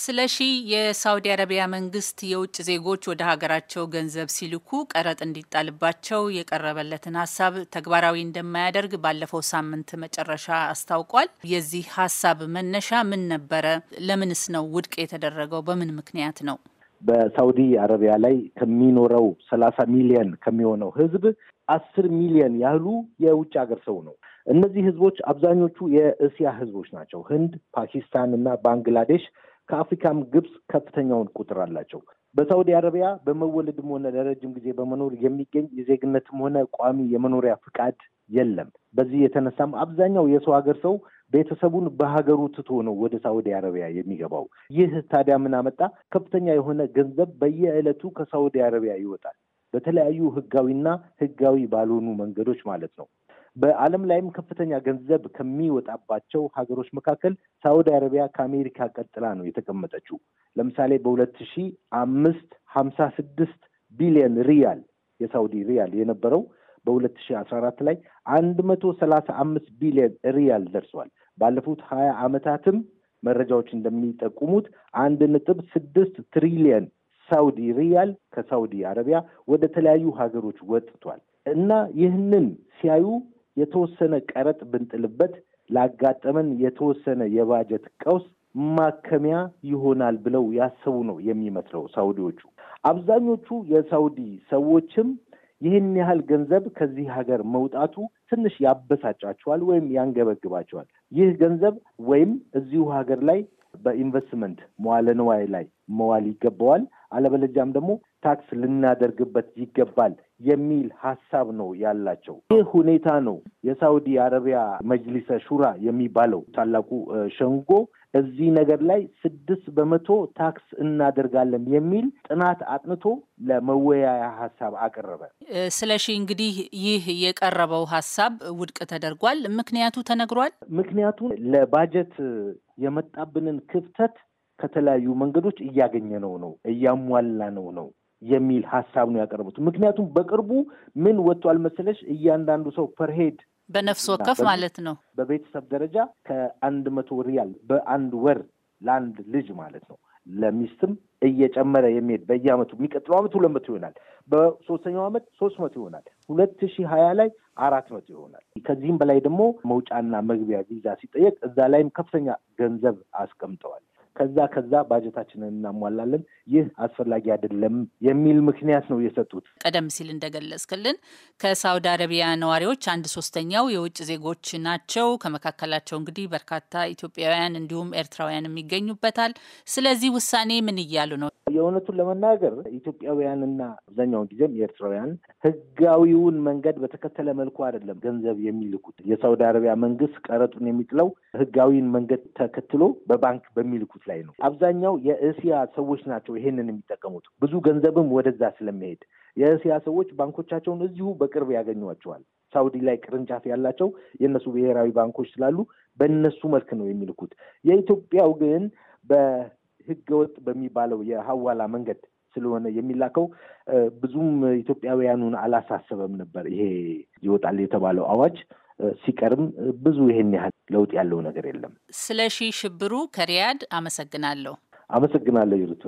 ስለ ሺ የሳውዲ አረቢያ መንግስት የውጭ ዜጎች ወደ ሀገራቸው ገንዘብ ሲልኩ ቀረጥ እንዲጣልባቸው የቀረበለትን ሀሳብ ተግባራዊ እንደማያደርግ ባለፈው ሳምንት መጨረሻ አስታውቋል። የዚህ ሀሳብ መነሻ ምን ነበረ? ለምንስ ነው ውድቅ የተደረገው? በምን ምክንያት ነው? በሳውዲ አረቢያ ላይ ከሚኖረው ሰላሳ ሚሊየን ከሚሆነው ህዝብ አስር ሚሊየን ያህሉ የውጭ ሀገር ሰው ነው። እነዚህ ህዝቦች አብዛኞቹ የእስያ ህዝቦች ናቸው። ህንድ፣ ፓኪስታን እና ባንግላዴሽ ከአፍሪካም ግብፅ ከፍተኛውን ቁጥር አላቸው። በሳውዲ አረቢያ በመወለድም ሆነ ለረጅም ጊዜ በመኖር የሚገኝ የዜግነትም ሆነ ቋሚ የመኖሪያ ፍቃድ የለም። በዚህ የተነሳም አብዛኛው የሰው ሀገር ሰው ቤተሰቡን በሀገሩ ትቶ ነው ወደ ሳውዲ አረቢያ የሚገባው። ይህ ታዲያ ምን አመጣ? ከፍተኛ የሆነ ገንዘብ በየዕለቱ ከሳውዲ አረቢያ ይወጣል። በተለያዩ ህጋዊና ህጋዊ ባልሆኑ መንገዶች ማለት ነው። በዓለም ላይም ከፍተኛ ገንዘብ ከሚወጣባቸው ሀገሮች መካከል ሳውዲ አረቢያ ከአሜሪካ ቀጥላ ነው የተቀመጠችው። ለምሳሌ በሁለት ሺህ አምስት ሀምሳ ስድስት ቢሊዮን ሪያል የሳውዲ ሪያል የነበረው በሁለት ሺህ አስራ አራት ላይ አንድ መቶ ሰላሳ አምስት ቢሊዮን ሪያል ደርሷል። ባለፉት ሀያ ዓመታትም መረጃዎች እንደሚጠቁሙት አንድ ነጥብ ስድስት ትሪሊየን ሳውዲ ሪያል ከሳውዲ አረቢያ ወደ ተለያዩ ሀገሮች ወጥቷል እና ይህንን ሲያዩ የተወሰነ ቀረጥ ብንጥልበት ላጋጠመን የተወሰነ የባጀት ቀውስ ማከሚያ ይሆናል ብለው ያሰቡ ነው የሚመስለው ሳውዲዎቹ። አብዛኞቹ የሳውዲ ሰዎችም ይህን ያህል ገንዘብ ከዚህ ሀገር መውጣቱ ትንሽ ያበሳጫቸዋል ወይም ያንገበግባቸዋል። ይህ ገንዘብ ወይም እዚሁ ሀገር ላይ በኢንቨስትመንት መዋለ ንዋይ ላይ መዋል ይገባዋል፣ አለበለዚያም ደግሞ ታክስ ልናደርግበት ይገባል የሚል ሀሳብ ነው ያላቸው። ይህ ሁኔታ ነው የሳውዲ አረቢያ መጅሊሰ ሹራ የሚባለው ታላቁ ሸንጎ እዚህ ነገር ላይ ስድስት በመቶ ታክስ እናደርጋለን የሚል ጥናት አጥንቶ ለመወያያ ሀሳብ አቀረበ። ስለሺ እንግዲህ ይህ የቀረበው ሀሳብ ውድቅ ተደርጓል። ምክንያቱ ተነግሯል። ምክንያቱም ለባጀት የመጣብንን ክፍተት ከተለያዩ መንገዶች እያገኘ ነው ነው እያሟላ ነው ነው የሚል ሀሳብ ነው ያቀረቡት። ምክንያቱም በቅርቡ ምን ወጥቷል መሰለሽ እያንዳንዱ ሰው ፐርሄድ በነፍስ ወከፍ ማለት ነው። በቤተሰብ ደረጃ ከአንድ መቶ ሪያል በአንድ ወር ለአንድ ልጅ ማለት ነው ለሚስትም እየጨመረ የሚሄድ በየአመቱ የሚቀጥለው አመት ሁለት መቶ ይሆናል። በሶስተኛው አመት ሶስት መቶ ይሆናል። ሁለት ሺህ ሀያ ላይ አራት መቶ ይሆናል። ከዚህም በላይ ደግሞ መውጫና መግቢያ ቪዛ ሲጠየቅ እዛ ላይም ከፍተኛ ገንዘብ አስቀምጠዋል። ከዛ ከዛ ባጀታችንን እናሟላለን፣ ይህ አስፈላጊ አይደለም የሚል ምክንያት ነው የሰጡት። ቀደም ሲል እንደገለጽክልን ከሳውዲ አረቢያ ነዋሪዎች አንድ ሶስተኛው የውጭ ዜጎች ናቸው። ከመካከላቸው እንግዲህ በርካታ ኢትዮጵያውያን እንዲሁም ኤርትራውያንም ይገኙበታል። ስለዚህ ውሳኔ ምን እያሉ ነው? የእውነቱን ለመናገር ኢትዮጵያውያንና አብዛኛውን ጊዜም የኤርትራውያን ህጋዊውን መንገድ በተከተለ መልኩ አይደለም ገንዘብ የሚልኩት። የሳውዲ አረቢያ መንግስት ቀረጡን የሚጥለው ህጋዊን መንገድ ተከትሎ በባንክ በሚልኩት ላይ ነው። አብዛኛው የእስያ ሰዎች ናቸው ይሄንን የሚጠቀሙት። ብዙ ገንዘብም ወደዛ ስለሚሄድ የእስያ ሰዎች ባንኮቻቸውን እዚሁ በቅርብ ያገኟቸዋል። ሳውዲ ላይ ቅርንጫፍ ያላቸው የእነሱ ብሔራዊ ባንኮች ስላሉ በእነሱ መልክ ነው የሚልኩት። የኢትዮጵያው ግን በህገወጥ በሚባለው የሀዋላ መንገድ ስለሆነ የሚላከው ብዙም ኢትዮጵያውያኑን አላሳሰበም ነበር። ይሄ ይወጣል የተባለው አዋጅ ሲቀርም ብዙ ይህን ያህል ለውጥ ያለው ነገር የለም። ስለሺ ሽብሩ ከሪያድ አመሰግናለሁ። አመሰግናለሁ ይሩት።